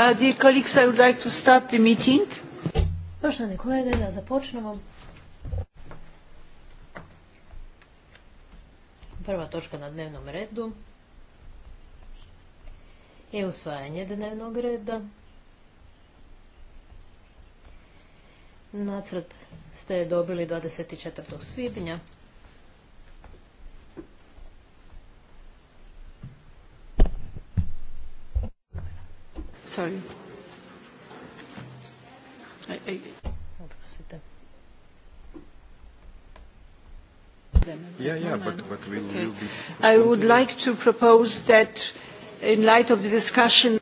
Uh, dear meeting. Poštovani kolege, da započnemo. Prva točka na dnevnom redu je usvajanje dnevnog reda. Nacrt ste dobili 24. svibnja. sorry. I, I would like to propose that in light of the discussion...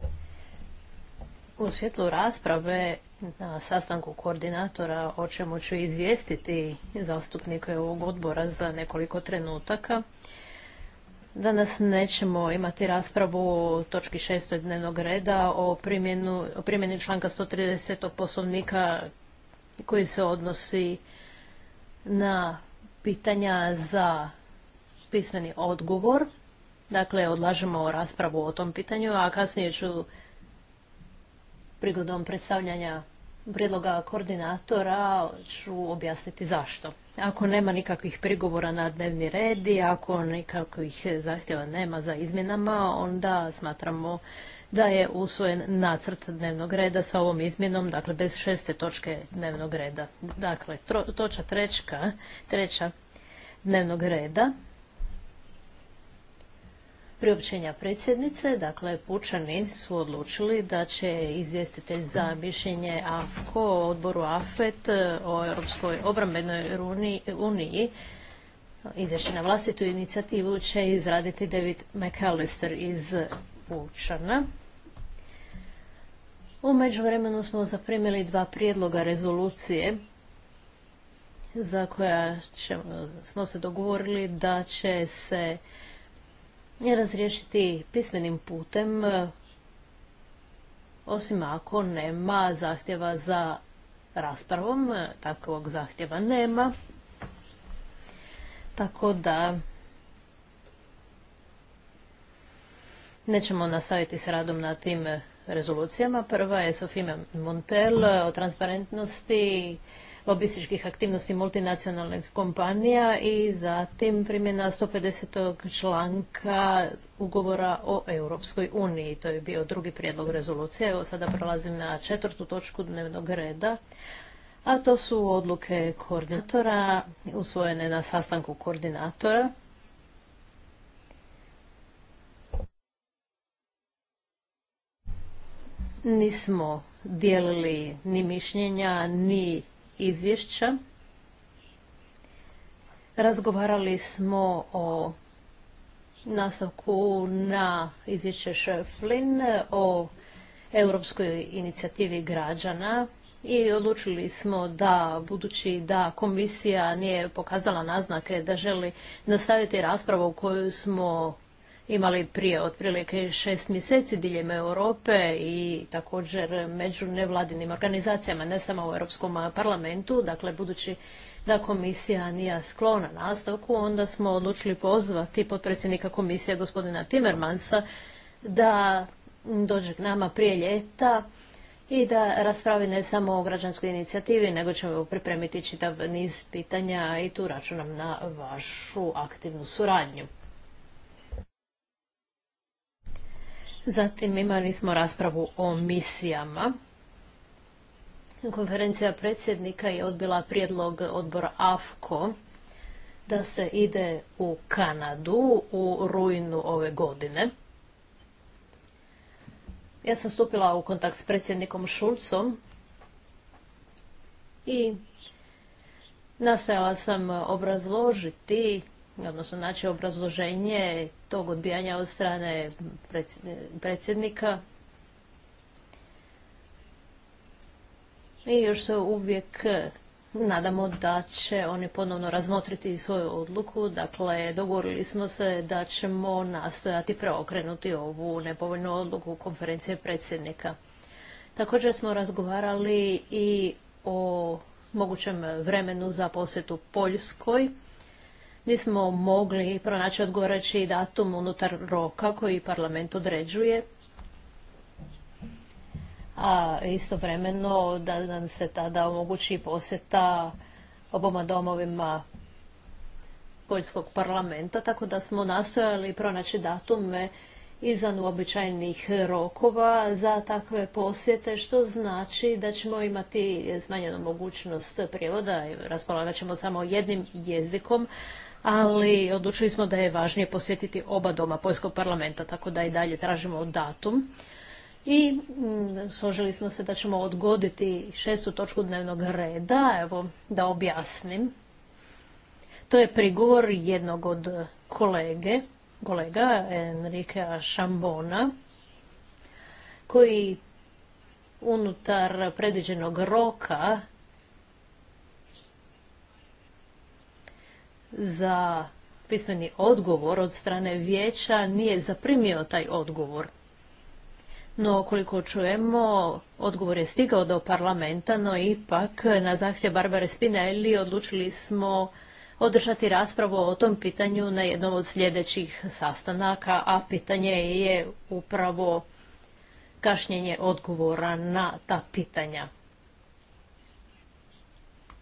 U svjetlu rasprave na sastanku koordinatora o čemu ću izvijestiti zastupnike ovog odbora za nekoliko trenutaka, Danas nećemo imati raspravu o točki 6. dnevnog reda o primjenu, o primjeni članka 130. poslovnika koji se odnosi na pitanja za pismeni odgovor. Dakle, odlažemo raspravu o tom pitanju, a kasnije ću prigodom predstavljanja prijedloga koordinatora ću objasniti zašto. Ako nema nikakvih prigovora na dnevni red i ako nikakvih zahtjeva nema za izmjenama, onda smatramo da je usvojen nacrt dnevnog reda sa ovom izmjenom, dakle bez šeste točke dnevnog reda. Dakle, točka treća dnevnog reda priopćenja predsjednice. Dakle, pučani su odlučili da će izvjestitelj za mišljenje AFKO o odboru AFET o Europskoj obrambenoj uniji izvješće na vlastitu inicijativu će izraditi David McAllister iz Pučana. U međuvremenu smo zaprimili dva prijedloga rezolucije za koja smo se dogovorili da će se razriješiti pismenim putem, eh, osim ako nema zahtjeva za raspravom, eh, takvog zahtjeva nema. Tako da nećemo nastaviti s radom na tim eh, rezolucijama. Prva je Sofima Montel o transparentnosti lobističkih aktivnosti multinacionalnih kompanija i zatim primjena 150. članka ugovora o Europskoj uniji. To je bio drugi prijedlog rezolucije. Evo sada prelazim na četvrtu točku dnevnog reda. A to su odluke koordinatora usvojene na sastanku koordinatora. Nismo dijelili ni mišljenja, ni izvješća. Razgovarali smo o nastavku na izvješće Šeflin o europskoj inicijativi građana i odlučili smo da budući da komisija nije pokazala naznake da želi nastaviti raspravu koju smo imali prije otprilike šest mjeseci diljem Europe i također među nevladinim organizacijama, ne samo u Europskom parlamentu. Dakle, budući da komisija nije sklona nastavku, onda smo odlučili pozvati potpredsjednika komisije gospodina Timmermansa da dođe k nama prije ljeta i da raspravi ne samo o građanskoj inicijativi, nego ćemo pripremiti čitav niz pitanja i tu računam na vašu aktivnu suradnju. Zatim imali smo raspravu o misijama. Konferencija predsjednika je odbila prijedlog odbora AFKO da se ide u Kanadu u rujnu ove godine. Ja sam stupila u kontakt s predsjednikom Šulcom i nastojala sam obrazložiti odnosno znači obrazloženje tog odbijanja od strane predsjednika. I još se uvijek nadamo da će oni ponovno razmotriti svoju odluku. Dakle, dogovorili smo se da ćemo nastojati preokrenuti ovu nepovoljnu odluku konferencije predsjednika. Također smo razgovarali i o mogućem vremenu za posjetu Poljskoj nismo mogli pronaći odgovarajući datum unutar roka koji parlament određuje. A istovremeno da nam se tada omogući posjeta oboma domovima Poljskog parlamenta, tako da smo nastojali pronaći datume izvan uobičajenih rokova za takve posjete, što znači da ćemo imati smanjenu mogućnost prijevoda, raspolagat ćemo samo jednim jezikom, ali odlučili smo da je važnije posjetiti oba doma Poljskog parlamenta, tako da i dalje tražimo datum. I mm, složili smo se da ćemo odgoditi šestu točku dnevnog reda, evo da objasnim. To je prigovor jednog od kolege, kolega Enrika Šambona, koji unutar predviđenog roka za pismeni odgovor od strane vijeća nije zaprimio taj odgovor. No, koliko čujemo, odgovor je stigao do parlamenta, no ipak na zahtjev Barbare Spinelli odlučili smo održati raspravu o tom pitanju na jednom od sljedećih sastanaka, a pitanje je upravo kašnjenje odgovora na ta pitanja.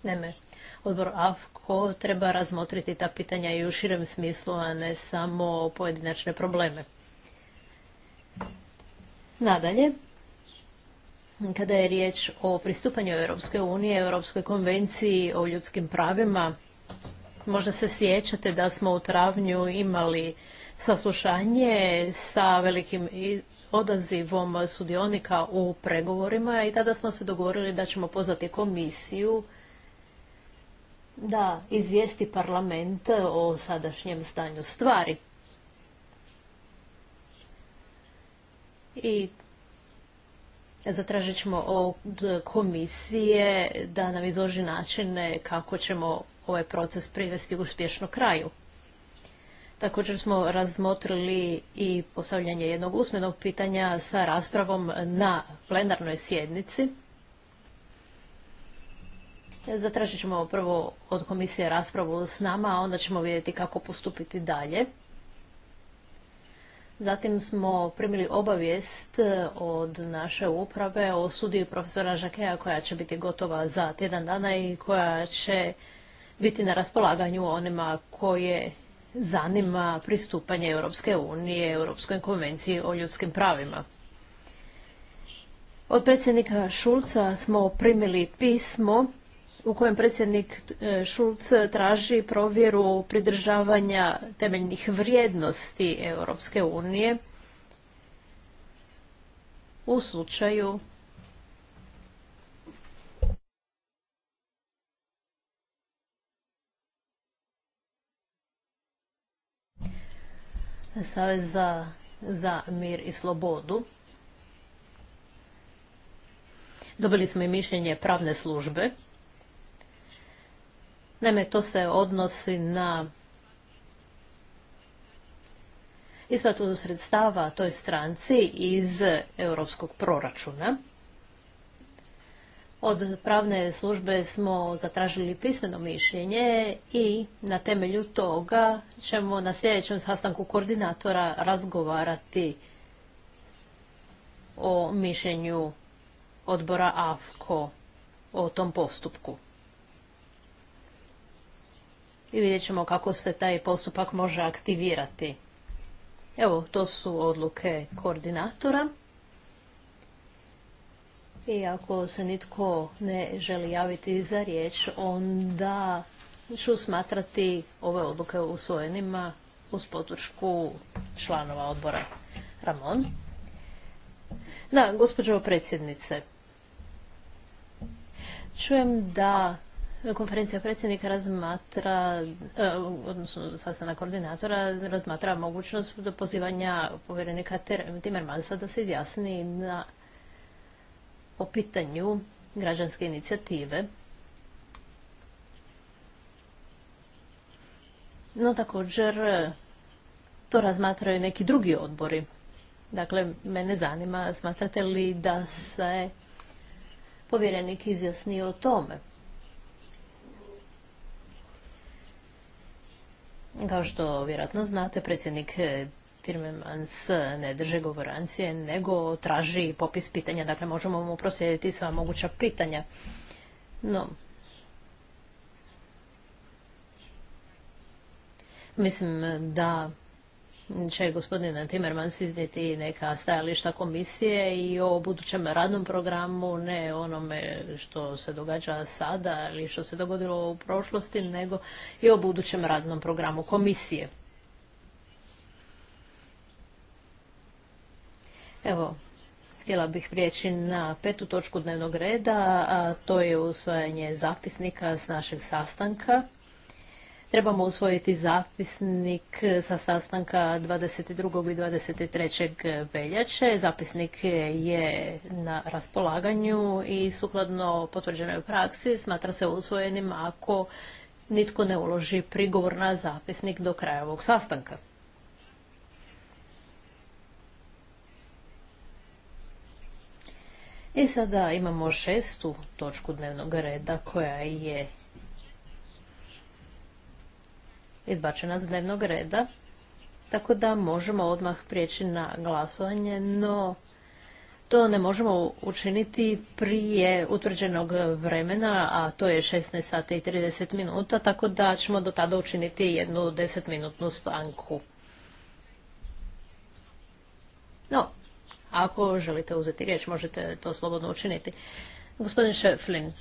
Naime, odbor AFKO treba razmotriti ta pitanja i u širem smislu, a ne samo pojedinačne probleme. Nadalje, kada je riječ o pristupanju Europske unije, Europskoj konvenciji o ljudskim pravima, možda se sjećate da smo u travnju imali saslušanje sa velikim odazivom sudionika u pregovorima i tada smo se dogovorili da ćemo pozvati komisiju da izvijesti parlament o sadašnjem stanju stvari. I zatražit ćemo od komisije da nam izloži načine kako ćemo ovaj proces privesti uspješno kraju. Također smo razmotrili i postavljanje jednog usmenog pitanja sa raspravom na plenarnoj sjednici Zatražit ćemo prvo od komisije raspravu s nama, a onda ćemo vidjeti kako postupiti dalje. Zatim smo primili obavijest e, od naše uprave o studiju profesora Žakeja koja će biti gotova za tjedan dana i koja će biti na raspolaganju onima koje zanima pristupanje Europske unije, Europskoj konvenciji o ljudskim pravima. Od predsjednika Šulca smo primili pismo u kojem predsjednik e, Šulc traži provjeru pridržavanja temeljnih vrijednosti Europske unije u slučaju Saveza za mir i slobodu. Dobili smo i mišljenje pravne službe. Naime, to se odnosi na isplatu sredstava toj stranci iz europskog proračuna. Od pravne službe smo zatražili pismeno mišljenje i na temelju toga ćemo na sljedećem sastanku koordinatora razgovarati o mišljenju odbora AFKO o tom postupku i vidjet ćemo kako se taj postupak može aktivirati. Evo, to su odluke koordinatora. I ako se nitko ne želi javiti za riječ, onda ću smatrati ove odluke usvojenima uz podršku članova odbora. Ramon? Da, gospođo predsjednice. Čujem da Konferencija predsjednika razmatra, e, odnosno sastana koordinatora, razmatra mogućnost do pozivanja povjerenika Timmermansa da se izjasni na, o pitanju građanske inicijative. No također to razmatraju neki drugi odbori. Dakle, mene zanima, smatrate li da se povjerenik izjasni o tome? Kao što vjerojatno znate, predsjednik e, Tirmemans e, ne drže govorancije, nego traži popis pitanja. Dakle, možemo mu proslijediti sva moguća pitanja. No, mislim da će gospodin Timmermans iznijeti neka stajališta komisije i o budućem radnom programu, ne onome što se događa sada ili što se dogodilo u prošlosti, nego i o budućem radnom programu komisije. Evo, htjela bih prijeći na petu točku dnevnog reda, a to je usvajanje zapisnika s našeg sastanka trebamo usvojiti zapisnik sa sastanka 22. i 23. veljače. Zapisnik je na raspolaganju i sukladno potvrđenoj praksi smatra se usvojenim ako nitko ne uloži prigovor na zapisnik do kraja ovog sastanka. I sada imamo šestu točku dnevnog reda koja je izbačena s dnevnog reda, tako da možemo odmah prijeći na glasovanje, no to ne možemo učiniti prije utvrđenog vremena, a to je 16 sati i 30 minuta, tako da ćemo do tada učiniti jednu 10-minutnu stanku. No, ako želite uzeti riječ, možete to slobodno učiniti. Gospodin Šeflin,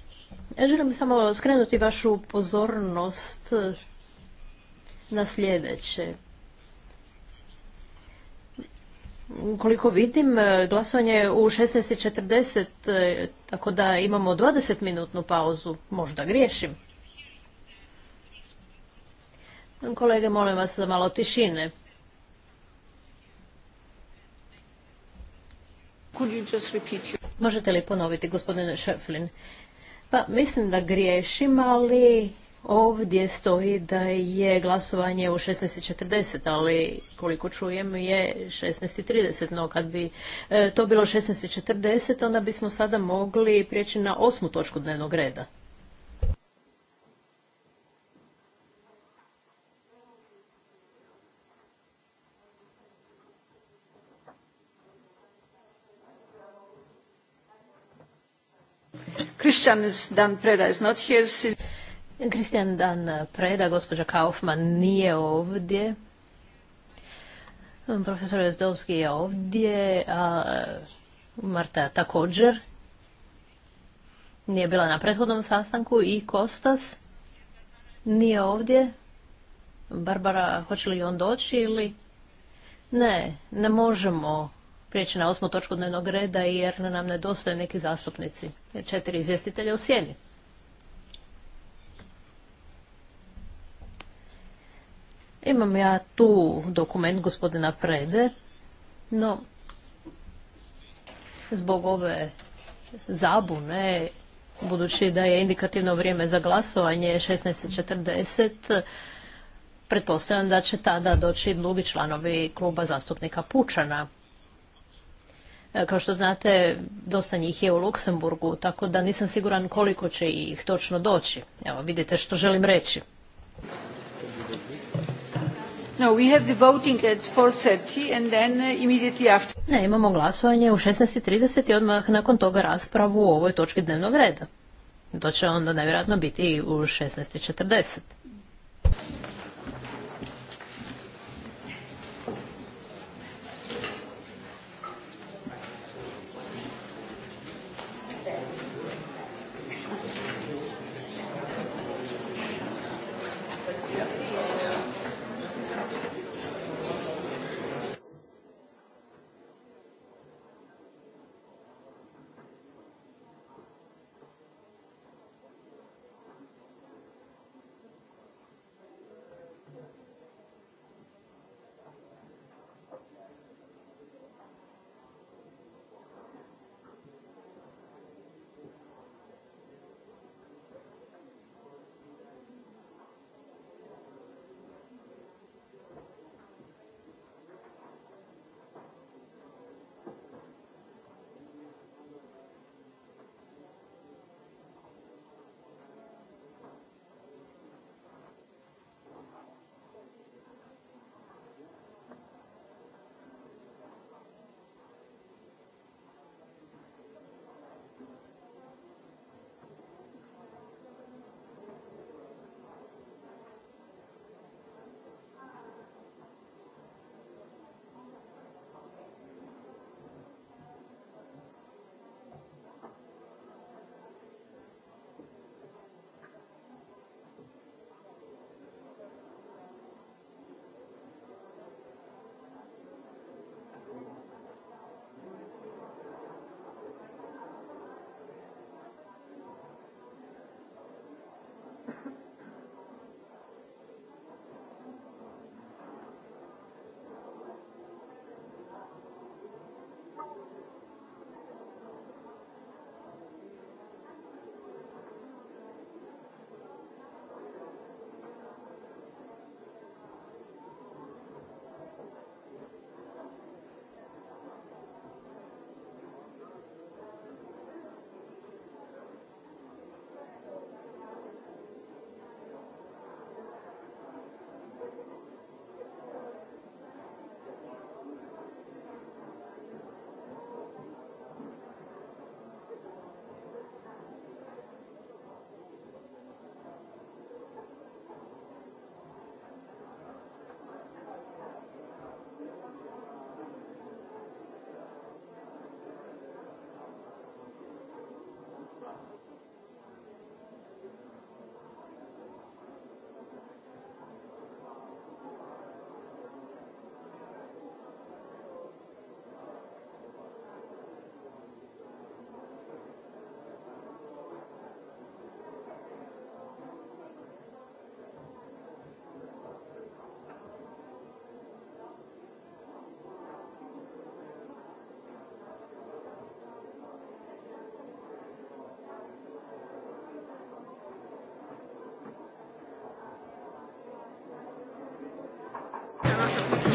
želim samo skrenuti vašu pozornost na sljedeće. Koliko vidim, e, glasovanje je u 16.40, e, tako da imamo 20-minutnu pauzu. Možda griješim. Kolege, molim vas za malo tišine. Možete li ponoviti, gospodine Šeflin? Pa, mislim da griješim, ali Ovdje stoji da je glasovanje u 16.40, ali koliko čujem je 16.30, no kad bi e, to bilo 16.40, onda bismo sada mogli prijeći na osmu točku dnevnog reda. Christian dan Preda is not Kristijan Dan Preda, gospođa Kaufman nije ovdje. Profesor Jezdovski je ovdje, a Marta također. Nije bila na prethodnom sastanku i Kostas nije ovdje. Barbara, hoće li on doći ili... Ne, ne možemo prijeći na osmu točku dnevnog reda jer nam nedostaju neki zastupnici. Četiri izvjestitelja u sjeni. Imam ja tu dokument gospodina Prede, no zbog ove zabune, budući da je indikativno vrijeme za glasovanje 16.40, pretpostavljam da će tada doći drugi članovi kluba zastupnika Pučana. E, kao što znate, dosta njih je u Luksemburgu, tako da nisam siguran koliko će ih točno doći. Evo, vidite što želim reći. No, we have the voting at 4.30 and then uh, immediately after. Ne, imamo glasovanje u 16.30 i odmah nakon toga raspravu u ovoj točki dnevnog reda. To će onda nevjerojatno biti u 16.40.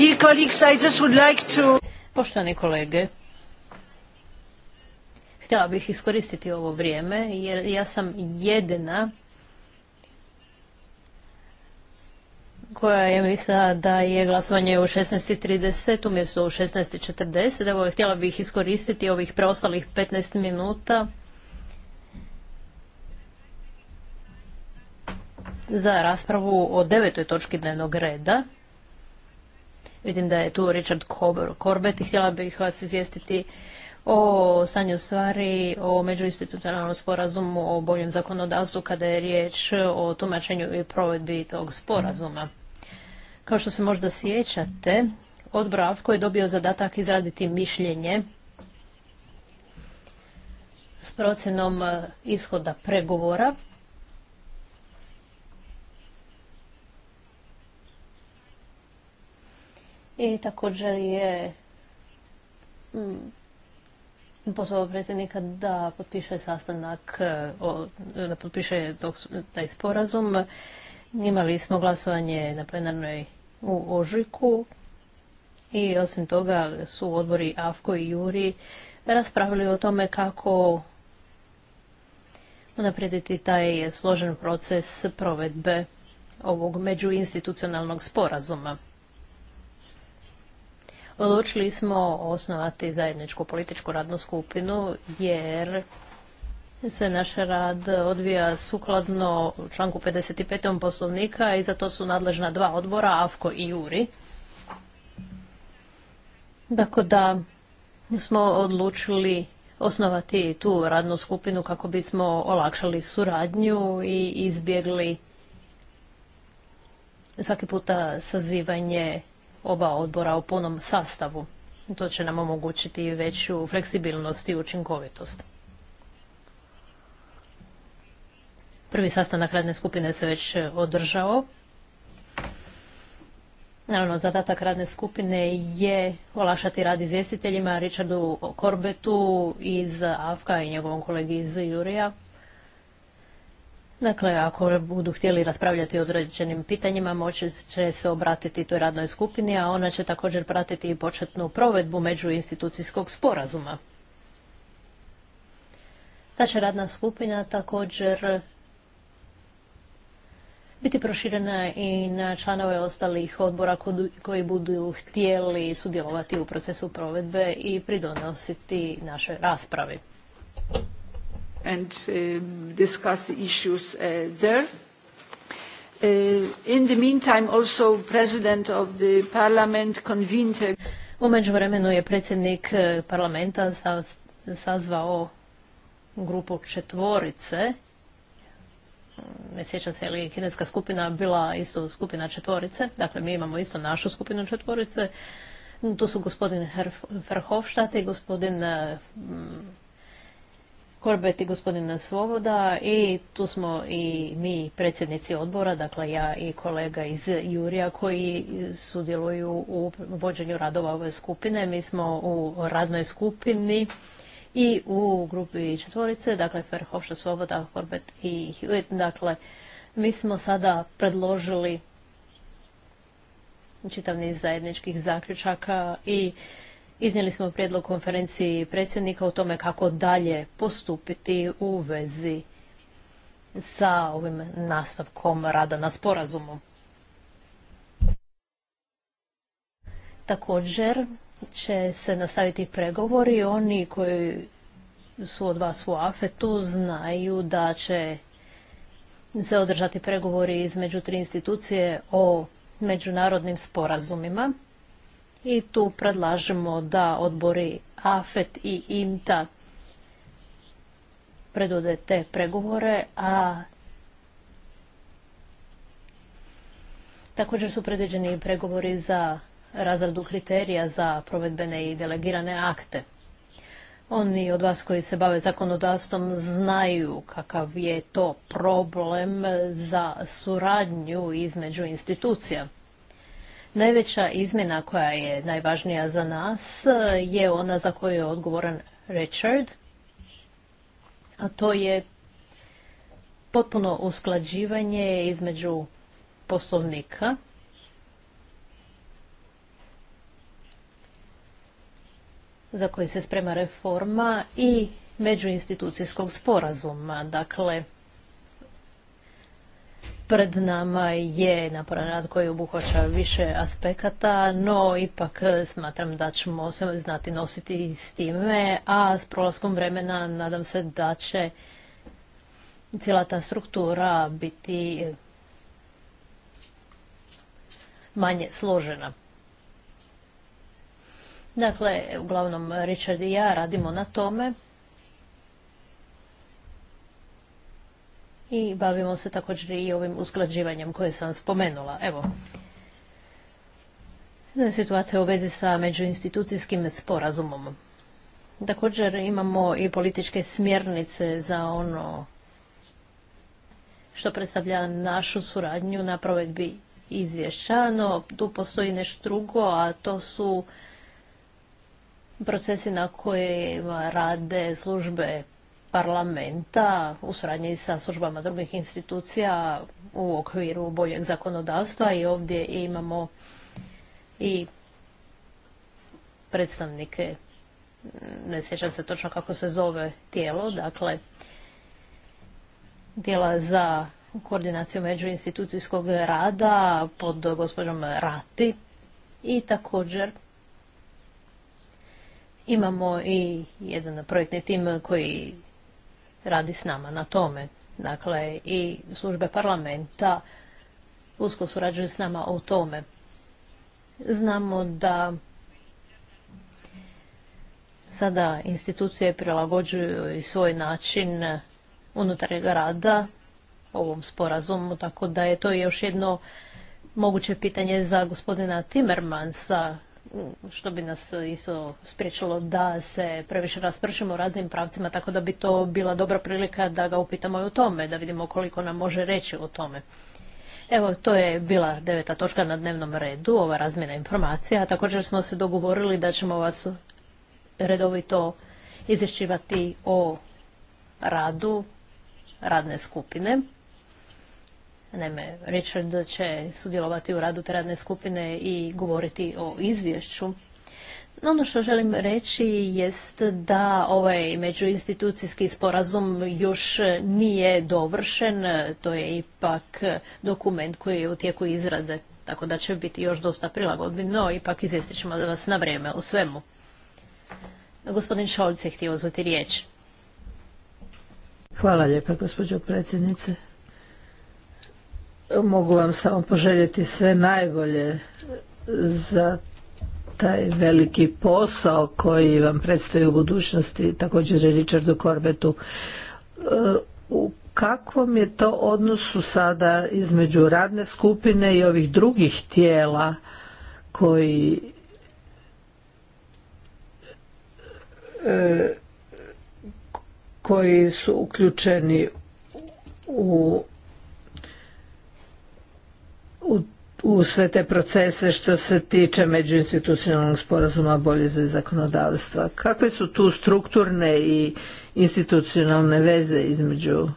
would like Poštovani kolege, htjela bih iskoristiti ovo vrijeme jer ja sam jedina koja je mislila da je glasovanje u 16.30 umjesto u 16.40. Evo, htjela bih iskoristiti ovih preostalih 15 minuta za raspravu o devetoj točki dnevnog reda. Vidim da je tu Richard Corbett i htjela bih vas izvijestiti o stanju stvari, o međuinstitucionalnom sporazumu, o boljem zakonodavstvu kada je riječ o tumačenju i provedbi tog sporazuma. Kao što se možda sjećate, odbrav koji je dobio zadatak izraditi mišljenje s procjenom e, ishoda pregovora i također je mm, pozvao predsjednika da potpiše sastanak, e, da potpiše taj sporazum. Imali smo glasovanje na plenarnoj u Ožujku i osim toga su odbori AFKO i Juri raspravili o tome kako unaprijediti taj složen proces provedbe ovog međuinstitucionalnog sporazuma. Odlučili smo osnovati zajedničku političku radnu skupinu jer se naš rad odvija sukladno članku 55. poslovnika i za to su nadležna dva odbora, AFKO i JURI. Tako da smo odlučili osnovati tu radnu skupinu kako bismo olakšali suradnju i izbjegli svaki puta sazivanje oba odbora u punom sastavu. To će nam omogućiti veću fleksibilnost i učinkovitost. Prvi sastanak radne skupine se već e, održao. Naravno, zadatak radne skupine je olašati rad izvjestiteljima Richardu Korbetu iz Afka i njegovom kolegi iz Jurija Dakle, ako budu htjeli raspravljati o određenim pitanjima, moći će se obratiti toj radnoj skupini, a ona će također pratiti i početnu provedbu međuinstitucijskog sporazuma. Ta će radna skupina također biti proširena i na članove ostalih odbora koji budu htjeli sudjelovati u procesu provedbe i pridonositi našoj raspravi and uh, discuss the issues uh, there. Uh, in the meantime, also President of the Parliament convened U međuvremenu je predsjednik parlamenta sazvao grupu četvorice. Ne sjećam se je li kineska skupina bila isto skupina četvorice. Dakle, mi imamo isto našu skupinu četvorice. To su gospodin Verhofstadt i gospodin Korbet i gospodina Svoboda i tu smo i mi predsjednici odbora, dakle ja i kolega iz Jurija koji sudjeluju u vođenju radova ove skupine. Mi smo u radnoj skupini i u grupi četvorice, dakle Ferhofša, Svoboda, Korbet i Dakle, mi smo sada predložili čitav niz zajedničkih zaključaka i Iznijeli smo prijedlog konferenciji predsjednika o tome kako dalje postupiti u vezi sa ovim nastavkom rada na sporazumu. Također će se nastaviti pregovori. Oni koji su od vas u afetu znaju da će se održati pregovori između tri institucije o međunarodnim sporazumima. I tu predlažemo da odbori AFET i INTA predode te pregovore, a također su predviđeni pregovori za razradu kriterija za provedbene i delegirane akte. Oni od vas koji se bave zakonodavstvom znaju kakav je to problem za suradnju između institucija. Najveća izmjena koja je najvažnija za nas e, je ona za koju je odgovoran Richard, a to je potpuno usklađivanje između poslovnika za koji se sprema reforma i međuinstitucijskog sporazuma. Dakle, Pred nama je naporan rad koji obuhvaća više aspekata, no ipak smatram da ćemo se znati nositi s time, a s prolaskom vremena nadam se da će cijela ta struktura biti manje složena. Dakle, uglavnom Richard i ja radimo na tome i bavimo se također i ovim usklađivanjem koje sam spomenula. Evo, situacija u vezi sa međuinstitucijskim sporazumom. Također imamo i političke smjernice za ono što predstavlja našu suradnju na provedbi izvješća, no tu postoji nešto drugo, a to su procesi na koje rade službe parlamenta u suradnji sa službama drugih institucija u okviru boljeg zakonodavstva i ovdje imamo i predstavnike, ne sjećam se točno kako se zove tijelo, dakle tijela za koordinaciju međuinstitucijskog rada pod gospođom Rati i također imamo i jedan projektni tim koji radi s nama na tome. Dakle, i službe parlamenta usko surađuju s nama o tome. Znamo da sada institucije prilagođuju i svoj način unutarnjeg rada ovom sporazumu, tako da je to još jedno moguće pitanje za gospodina Timmermansa što bi nas isto spriječilo da se previše raspršimo u raznim pravcima, tako da bi to bila dobra prilika da ga upitamo i o tome, da vidimo koliko nam može reći o tome. Evo, to je bila deveta točka na dnevnom redu, ova razmjena informacija. Također smo se dogovorili da ćemo vas redovito izvješćivati o radu radne skupine. Naime, Richard će sudjelovati u radu te radne skupine i govoriti o izvješću. No, ono što želim reći jest da ovaj međuinstitucijski sporazum još nije dovršen, to je ipak dokument koji je u tijeku izrade, tako da će biti još dosta prilagodbi, no ipak izvjestit ćemo vas na vrijeme u svemu. Gospodin Šolc je htio uzeti riječ. Hvala lijepa, gospođo predsjednice. Mogu vam samo poželjeti sve najbolje za taj veliki posao koji vam predstoji u budućnosti, također i Richardu Korbetu. E, u kakvom je to odnosu sada između radne skupine i ovih drugih tijela koji e, koji su uključeni u u, sve te procese što se tiče međuinstitucionalnog sporazuma bolje za zakonodavstva. Kakve su tu strukturne i institucionalne veze između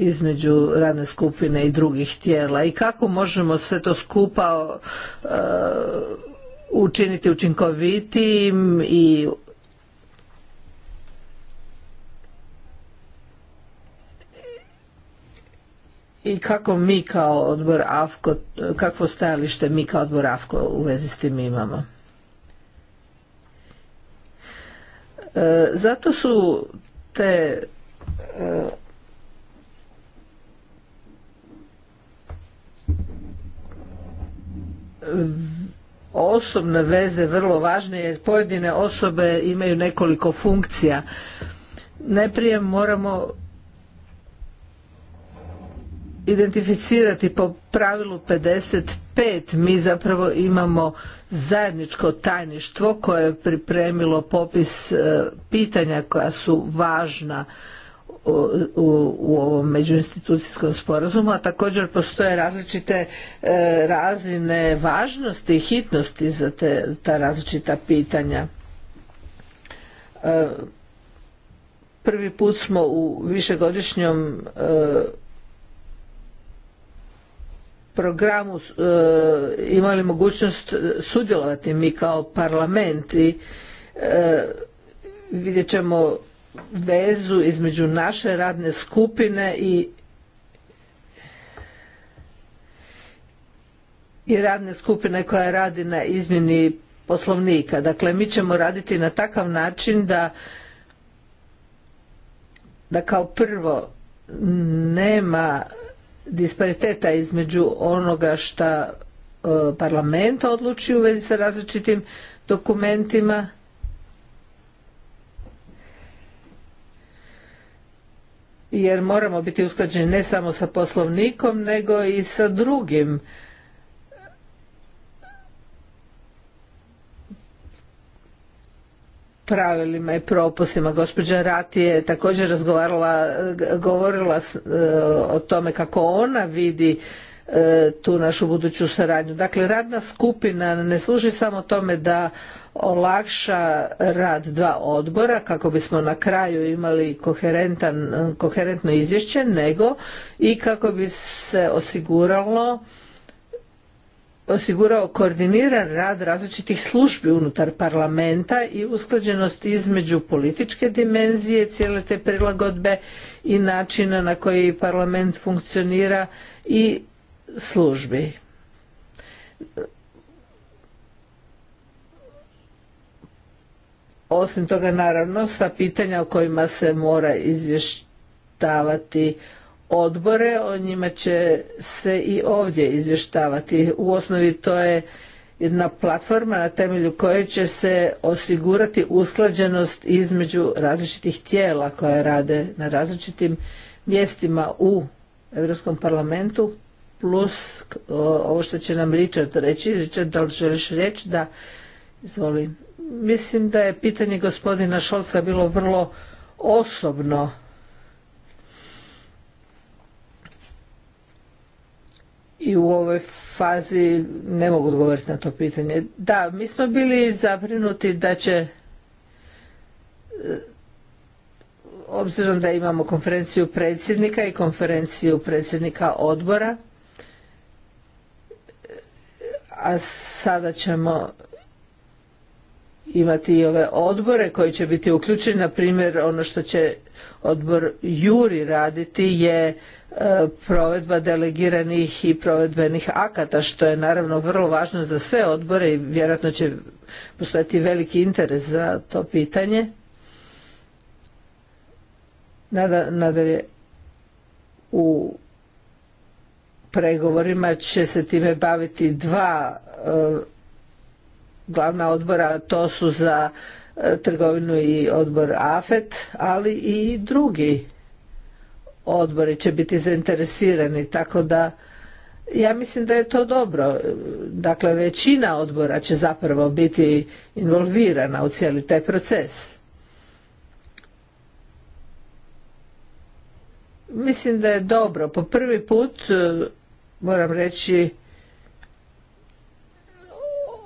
između radne skupine i drugih tijela i kako možemo sve to skupa e, učiniti učinkovitijim i i kako mi kao odbor AFKO, kakvo stajalište mi kao odbor AFKO u vezi s tim imamo. E, zato su te e, osobne veze vrlo važne jer pojedine osobe imaju nekoliko funkcija. Najprije moramo identificirati po pravilu 55 mi zapravo imamo zajedničko tajništvo koje je pripremilo popis e, pitanja koja su važna u, u, ovom međuinstitucijskom sporazumu, a također postoje različite e, razine važnosti i hitnosti za te, ta različita pitanja. E, prvi put smo u višegodišnjom e, programu e, imali mogućnost e, sudjelovati mi kao parlament i e, vidjet ćemo vezu između naše radne skupine i i radne skupine koja radi na izmjeni poslovnika. Dakle, mi ćemo raditi na takav način da da kao prvo nema dispariteta između onoga šta e, parlament odluči u vezi sa različitim dokumentima jer moramo biti usklađeni ne samo sa poslovnikom nego i sa drugim pravilima i propusima. Gospođa Rati je također razgovarala, govorila e, o tome kako ona vidi e, tu našu buduću saradnju. Dakle, radna skupina ne služi samo tome da olakša rad dva odbora kako bismo na kraju imali koherentno izvješće, nego i kako bi se osiguralo osigurao koordiniran rad različitih službi unutar parlamenta i usklađenost između političke dimenzije cijele te prilagodbe i načina na koji parlament funkcionira i službi. Osim toga, naravno, sa pitanja o kojima se mora izvještavati odbore, o njima će se i ovdje izvještavati. U osnovi to je jedna platforma na temelju koje će se osigurati usklađenost između različitih tijela koja rade na različitim mjestima u Europskom parlamentu plus ovo što će nam Richard reći. Richard, da li želiš reći? Da, izvoli. Mislim da je pitanje gospodina Šolca bilo vrlo osobno i u ovoj fazi ne mogu odgovoriti na to pitanje. Da, mi smo bili zabrinuti da će e, obzirom da imamo konferenciju predsjednika i konferenciju predsjednika odbora a sada ćemo imati i ove odbore koji će biti uključeni na primjer ono što će odbor Juri raditi je E, provedba delegiranih i provedbenih akata što je naravno vrlo važno za sve odbore i vjerojatno će postojati veliki interes za to pitanje. Nadalje u pregovorima će se time baviti dva e, glavna odbora, to su za e, trgovinu i odbor AFET, ali i drugi odbori će biti zainteresirani, tako da ja mislim da je to dobro. Dakle, većina odbora će zapravo biti involvirana u cijeli taj proces. Mislim da je dobro. Po prvi put, moram reći,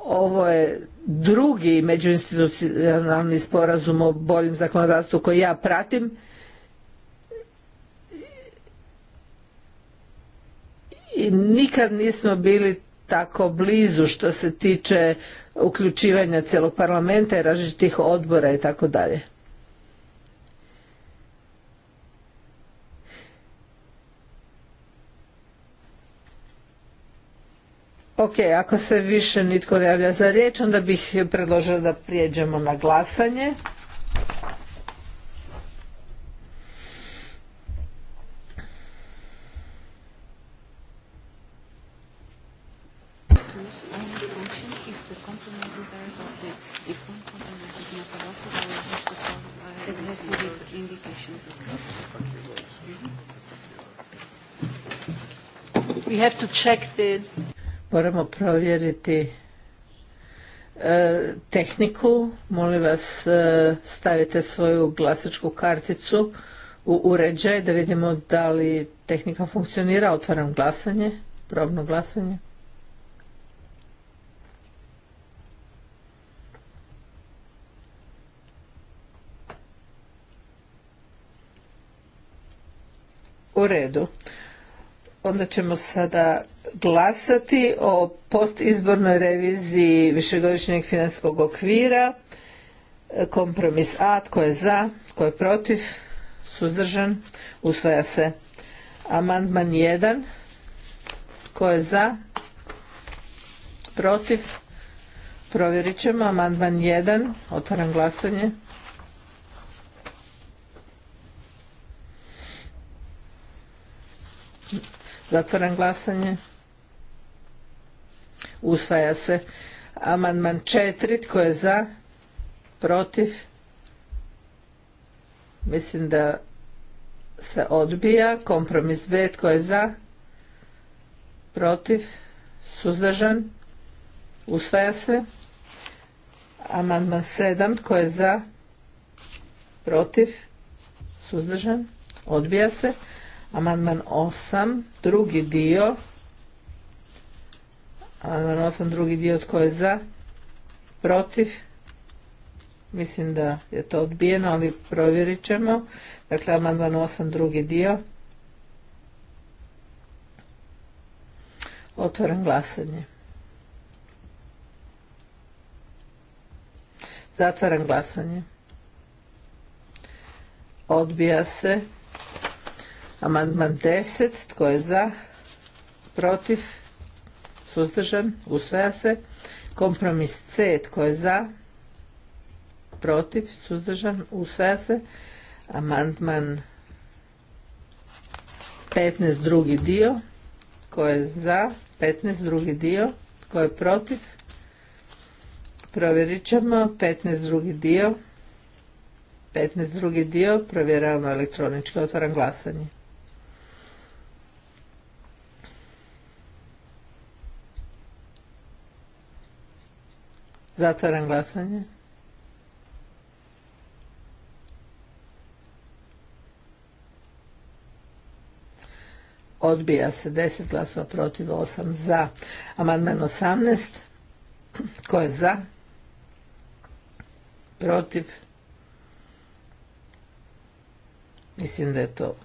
ovo je drugi međuinstitucionalni sporazum o boljem zakonodavstvu koji ja pratim i nikad nismo bili tako blizu što se tiče uključivanja cijelog parlamenta i različitih odbora i tako dalje. Ok, ako se više nitko ne javlja za riječ, onda bih predložila da prijeđemo na glasanje. Moramo provjeriti e, tehniku. Molim vas e, stavite svoju glasačku karticu u uređaj da vidimo da li tehnika funkcionira. Otvaram glasanje, probno glasanje. U redu. Onda ćemo sada glasati o postizbornoj reviziji višegodišnjeg finanskog okvira. Kompromis A, tko je za, tko je protiv, suzdržan, usvaja se. Amandman 1, tko je za, protiv, provjerit ćemo. Amandman 1, otvaram glasanje. Zatvaram glasanje. Usvaja se. Amandman 4. Tko je za? Protiv? Mislim da se odbija. Kompromis B. Tko je za? Protiv? Suzdržan? Usvaja se. Amandman sedam Tko je za? Protiv? Suzdržan? Odbija se. Amandman 8, drugi dio. Amandman 8, drugi dio, tko je za? Protiv? Mislim da je to odbijeno, ali provjerit ćemo. Dakle, amandman 8, drugi dio. Otvoren glasanje. Zatvaram glasanje. Odbija se. Amandman 10. Tko je za? Protiv? Suzdržan? Usvaja se. Kompromis C. Tko je za? Protiv? Suzdržan? Usvaja se. Amandman 15. Drugi dio. Tko je za? 15. Drugi dio. Tko je protiv? Provjerit ćemo. 15. Drugi dio. 15. Drugi dio. Provjeravamo elektronički. Otvaram glasanje. Zatvaram glasanje. Odbija se 10 glasova protiv, 8 za. Amandman 18. Ko je za? Protiv? Mislim da je to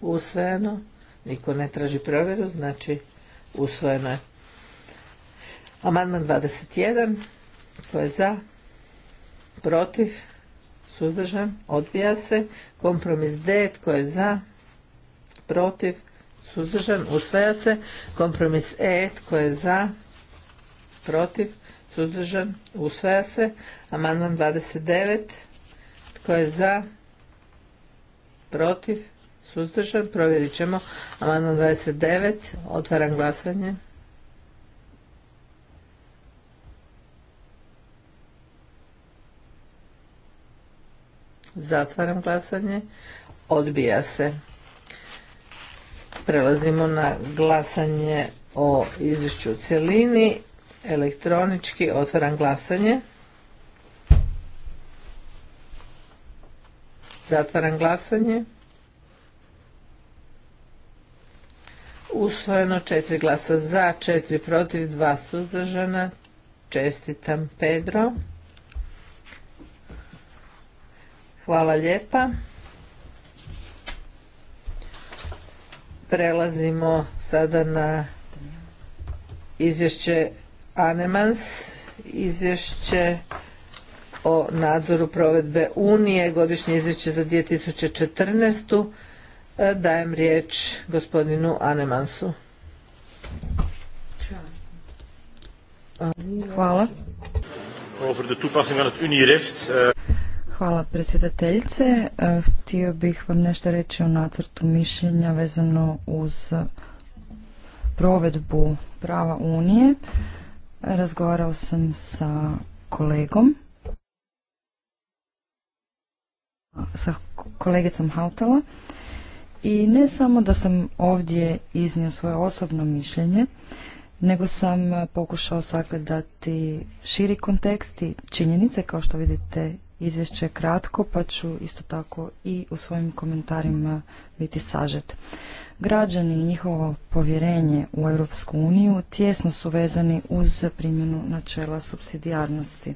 usvojeno. Niko ne traži provjeru, znači usvojeno je. Amandman 21. Tko je za? Protiv? Suzdržan? Odbija se. Kompromis D. Tko je za? Protiv? Suzdržan? Usvaja se. Kompromis E. Tko je za? Protiv? Suzdržan? Usvaja se. Amandman 29. Tko je za? Protiv? Suzdržan? Provjerit ćemo. Amandman 29. Otvaram glasanje. Zatvaram glasanje. Odbija se. Prelazimo na glasanje o izvješću u cjelini. Elektronički otvaram glasanje. Zatvaram glasanje. Usvojeno četiri glasa za, četiri protiv, dva suzdržana. Čestitam Pedro. Hvala lijepa. Prelazimo sada na izvješće Anemans, izvješće o nadzoru provedbe Unije, godišnje izvješće za 2014. E, dajem riječ gospodinu Anemansu. Hvala. Over eh, Hvala predsjedateljice. E, htio bih vam nešto reći o nacrtu mišljenja vezano uz provedbu prava Unije. Razgovarao sam sa kolegom, sa kolegicom Hautala i ne samo da sam ovdje iznio svoje osobno mišljenje, nego sam pokušao sagledati širi kontekst i činjenice, kao što vidite izvješće kratko, pa ću isto tako i u svojim komentarima biti sažet. Građani i njihovo povjerenje u Europsku uniju tjesno su vezani uz primjenu načela subsidijarnosti.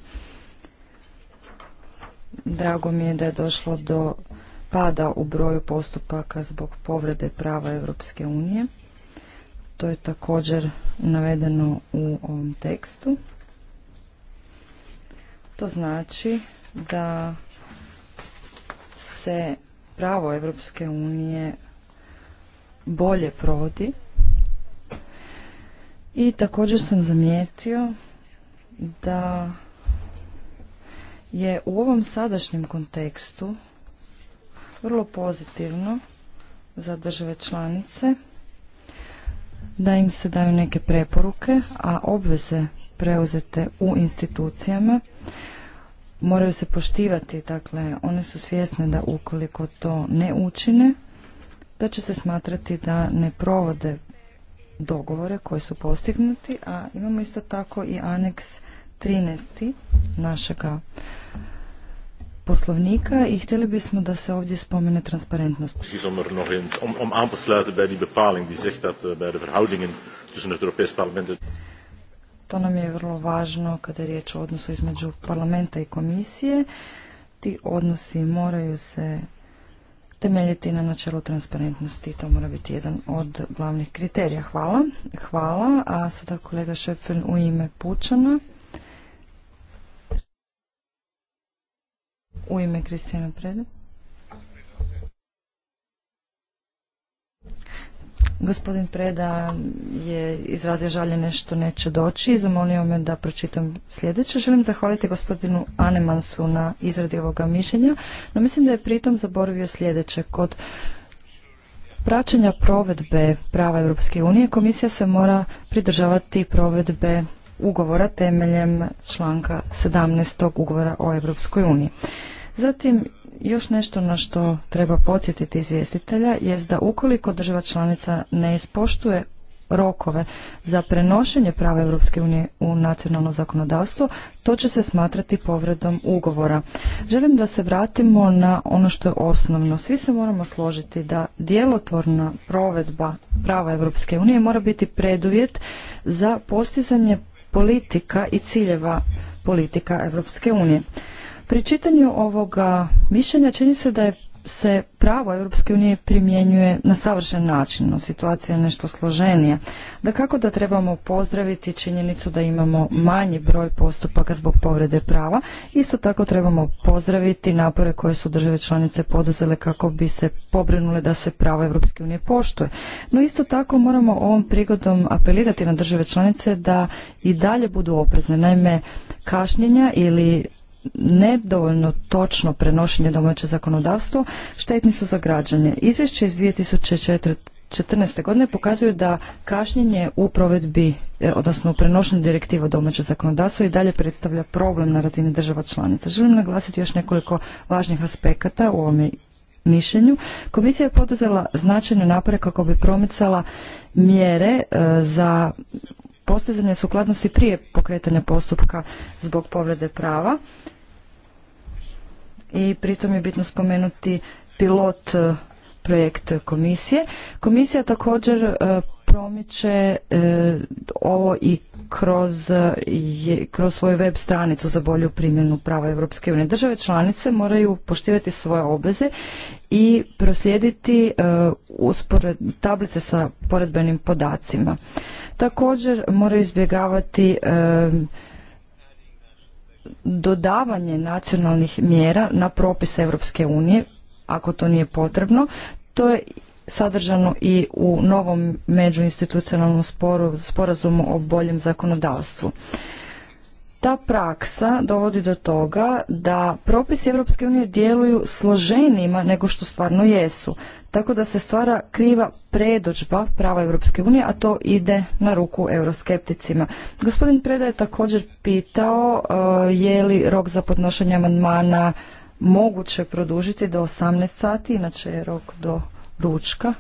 Drago mi je da je došlo do pada u broju postupaka zbog povrede prava Europske unije. To je također navedeno u ovom tekstu. To znači da se pravo Europske unije bolje provodi. I također sam zamijetio da je u ovom sadašnjem kontekstu vrlo pozitivno za države članice da im se daju neke preporuke, a obveze preuzete u institucijama moraju se poštivati, dakle one su svjesne da ukoliko to ne učine, da će se smatrati da ne provode dogovore koji su postignuti, a imamo isto tako i aneks 13. našega poslovnika i htjeli bismo da se ovdje spomene transparentnost. To nam je vrlo važno kada je riječ o odnosu između parlamenta i komisije. Ti odnosi moraju se temeljiti na načelu transparentnosti i to mora biti jedan od glavnih kriterija. Hvala. Hvala. A sada kolega Šefren u ime Pučana. U ime Kristijana Preda. Gospodin Preda je izrazio žaljenje što neće doći i zamolio me da pročitam sljedeće. Želim zahvaliti gospodinu Anemansu na izradi ovoga mišljenja, no mislim da je pritom zaboravio sljedeće. Kod praćenja provedbe prava Europske unije komisija se mora pridržavati provedbe ugovora temeljem članka 17. ugovora o Europskoj uniji. Zatim još nešto na što treba podsjetiti izvjestitelja je da ukoliko država članica ne ispoštuje rokove za prenošenje prava Europske unije u nacionalno zakonodavstvo, to će se smatrati povredom ugovora. Želim da se vratimo na ono što je osnovno. Svi se moramo složiti da djelotvorna provedba prava Europske unije mora biti preduvjet za postizanje politika i ciljeva politika Europske unije. Pri čitanju ovoga mišljenja čini se da se pravo Europske unije primjenjuje na savršen način, no situacija je nešto složenija. Da kako da trebamo pozdraviti činjenicu da imamo manji broj postupaka zbog povrede prava, isto tako trebamo pozdraviti napore koje su države članice poduzele kako bi se pobrinule da se pravo Europske unije poštuje. No isto tako moramo ovom prigodom apelirati na države članice da i dalje budu oprezne. Naime, kašnjenja ili nedovoljno točno prenošenje domaće zakonodavstvo štetni su za građane. Izvješće iz 2014. godine pokazuju da kašnjenje u provedbi, e, odnosno u prenošenju direktiva domaće zakonodavstva i dalje predstavlja problem na razini država članica. Želim naglasiti još nekoliko važnih aspekata u ovome mišljenju. Komisija je poduzela značajne napore kako bi promicala mjere e, za postizanje sukladnosti prije pokretanja postupka zbog povrede prava i pritom je bitno spomenuti pilot e, projekt komisije. Komisija također e, promiče e, ovo i kroz, kroz svoju web stranicu za bolju primjenu prava Europske unije. Države članice moraju poštivati svoje obveze i proslijediti uspored, tablice sa poredbenim podacima. Također moraju izbjegavati dodavanje nacionalnih mjera na propis Europske unije, ako to nije potrebno. To je sadržano i u novom međuinstitucionalnom sporazumu o boljem zakonodavstvu ta praksa dovodi do toga da propisi Europske unije djeluju složenijima nego što stvarno jesu. Tako da se stvara kriva predođba prava Europske unije, a to ide na ruku euroskepticima. Gospodin Preda je također pitao eh, je li rok za podnošenje amandmana moguće produžiti do 18 sati, inače je rok do ručka.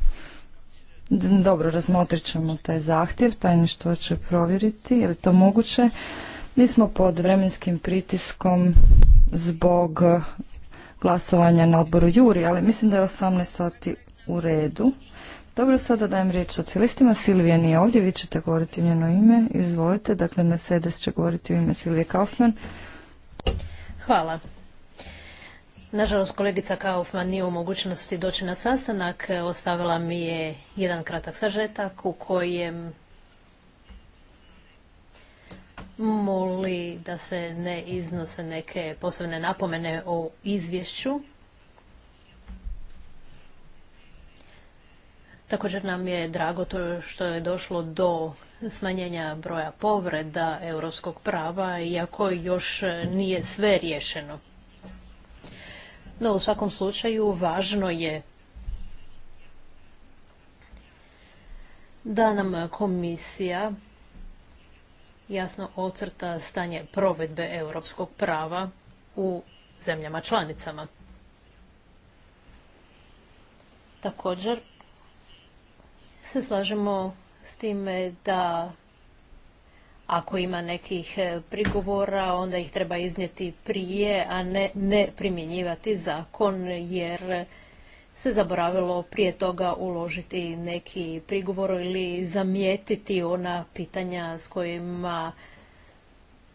Dobro, razmotrit ćemo taj zahtjev, tajništvo će provjeriti je li to moguće. Mi smo pod vremenskim pritiskom zbog glasovanja na odboru Juri, ali mislim da je 18 sati u redu. Dobro, sada dajem riječ socijalistima. Silvija nije ovdje, vi ćete govoriti u njeno ime. Izvolite, dakle Mercedes će govoriti u ime Silvije Kaufman. Hvala. Nažalost, kolegica Kaufman nije u mogućnosti doći na sastanak. Ostavila mi je jedan kratak sažetak u kojem moli da se ne iznose neke posebne napomene o izvješću. Također nam je drago to što je došlo do smanjenja broja povreda europskog prava, iako još nije sve riješeno. No, u svakom slučaju, važno je da nam komisija jasno ocrta stanje provedbe europskog prava u zemljama članicama. Također se slažemo s time da ako ima nekih prigovora, onda ih treba iznijeti prije, a ne, ne primjenjivati zakon, jer se zaboravilo prije toga uložiti neki prigovor ili zamijetiti ona pitanja s kojima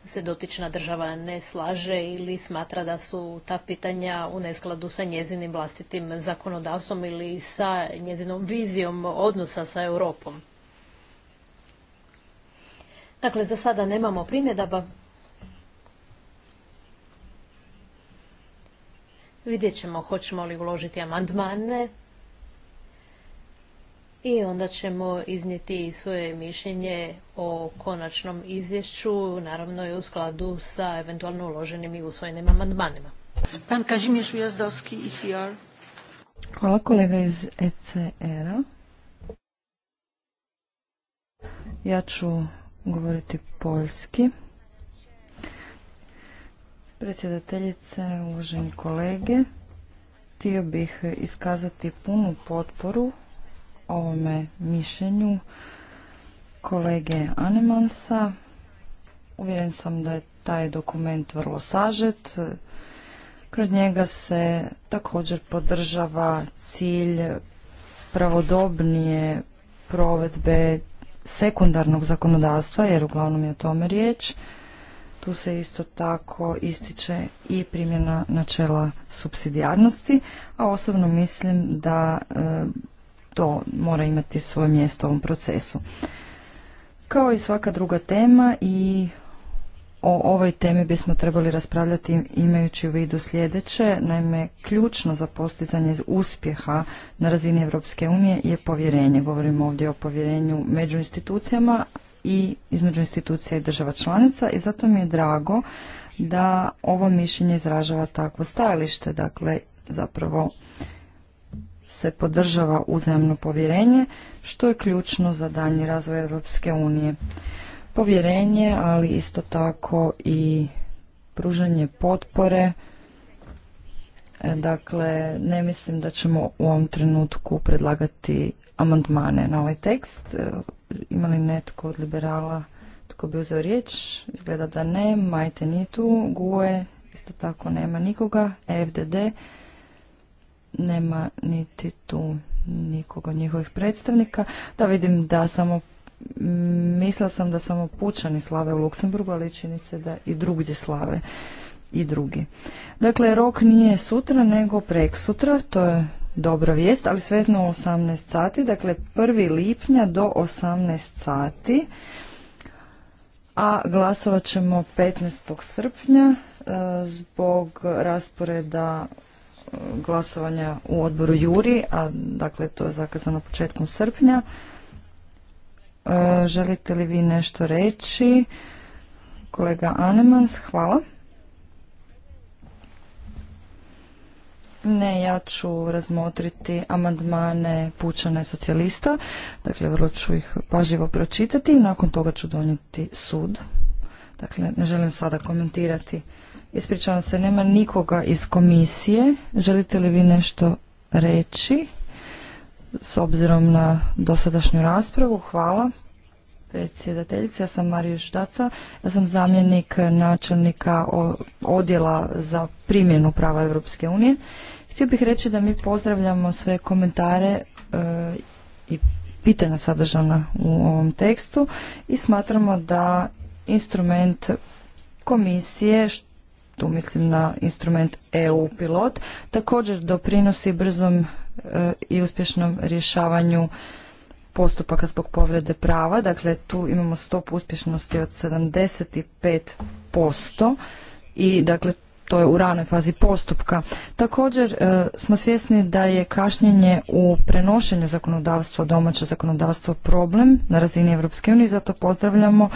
se dotična država ne slaže ili smatra da su ta pitanja u neskladu sa njezinim vlastitim zakonodavstvom ili sa njezinom vizijom odnosa sa Europom. Dakle, za sada nemamo primjedaba Vidjet ćemo hoćemo li uložiti amandmane i onda ćemo iznijeti svoje mišljenje o konačnom izvješću, naravno i u skladu sa eventualno uloženim i usvojenim amandmanima. Pan Kažimir Šujazdovski, e Hvala kolega iz ECR-a. Ja ću govoriti poljski. Predsjedateljice, uvaženi kolege, htio bih iskazati punu potporu ovome mišljenju kolege Anemansa. Uvjeren sam da je taj dokument vrlo sažet. Kroz njega se također podržava cilj pravodobnije provedbe sekundarnog zakonodavstva, jer uglavnom je o tome riječ, tu se isto tako ističe i primjena načela subsidijarnosti, a osobno mislim da e, to mora imati svoje mjesto u ovom procesu. Kao i svaka druga tema i o ovoj temi bismo trebali raspravljati imajući u vidu sljedeće, naime ključno za postizanje uspjeha na razini Europske unije je povjerenje. Govorimo ovdje o povjerenju među institucijama, i između institucija i država članica i zato mi je drago da ovo mišljenje izražava takvo stajalište, dakle zapravo se podržava uzajamno povjerenje, što je ključno za daljnji razvoj Europske unije. Povjerenje, ali isto tako i pružanje potpore, e, dakle ne mislim da ćemo u ovom trenutku predlagati amandmane na ovaj tekst, e, imali netko od liberala tko bi uzeo riječ? Izgleda da ne, Majte nije tu, guje, isto tako nema nikoga, FDD, nema niti tu nikoga njihovih predstavnika. Da vidim da samo, mislila sam da samo pučani slave u Luksemburgu, ali čini se da i drugdje slave i drugi. Dakle, rok nije sutra, nego prek sutra, to je dobra vijest, ali svetno u 18 sati, dakle 1. lipnja do 18 sati, a glasovat ćemo 15. srpnja e, zbog rasporeda e, glasovanja u odboru Juri, a dakle to je zakazano početkom srpnja. E, želite li vi nešto reći? Kolega Anemans, hvala. Ne, ja ću razmotriti amandmane pučane socijalista, dakle vrlo ću ih pažljivo pročitati i nakon toga ću donijeti sud. Dakle, ne želim sada komentirati. Ispričavam se, nema nikoga iz komisije. Želite li vi nešto reći s obzirom na dosadašnju raspravu? Hvala predsjedateljice. Ja sam Mariju Štaca, ja sam zamjenik načelnika odjela za primjenu prava Europske unije. Htio bih reći da mi pozdravljamo sve komentare e, i pitanja sadržana u ovom tekstu i smatramo da instrument komisije, tu mislim na instrument EU pilot, također doprinosi brzom e, i uspješnom rješavanju postupaka zbog povrede prava. Dakle, tu imamo stop uspješnosti od 75% i dakle, to je u ranoj fazi postupka. Također e, smo svjesni da je kašnjenje u prenošenju zakonodavstva, domaće zakonodavstvo problem na razini Europske unije, zato pozdravljamo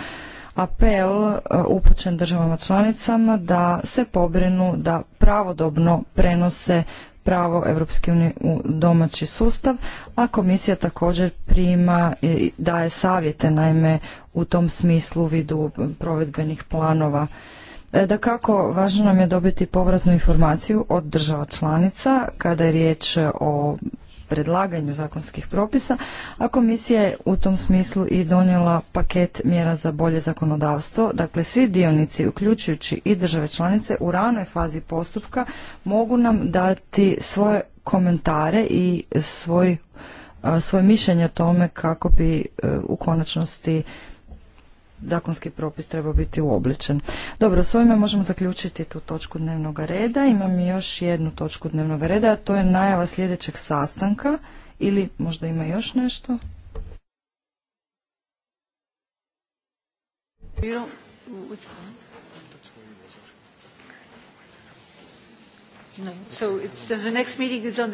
apel e, upućen državama članicama da se pobrinu da pravodobno prenose pravo Europske u domaći sustav, a komisija također prima i daje savjete, naime, u tom smislu u vidu provedbenih planova. E, da kako, važno nam je dobiti povratnu informaciju od država članica kada je riječ o predlaganju zakonskih propisa, a komisija je u tom smislu i donijela paket mjera za bolje zakonodavstvo. Dakle, svi dionici, uključujući i države članice, u ranoj fazi postupka mogu nam dati svoje komentare i svoj, svoje mišljenje o tome kako bi e, u konačnosti zakonski propis treba biti uobličen. Dobro, s ovime možemo zaključiti tu točku dnevnog reda. Imam još jednu točku dnevnog reda, a to je najava sljedećeg sastanka. Ili možda ima još nešto?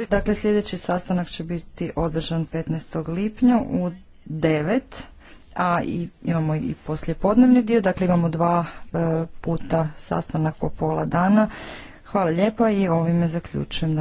Dakle, sljedeći sastanak će biti održan 15. lipnja u 9 a i imamo i poslijepodnevni dio, dakle imamo dva e, puta sastanak po pola dana. Hvala lijepa i ovime zaključujem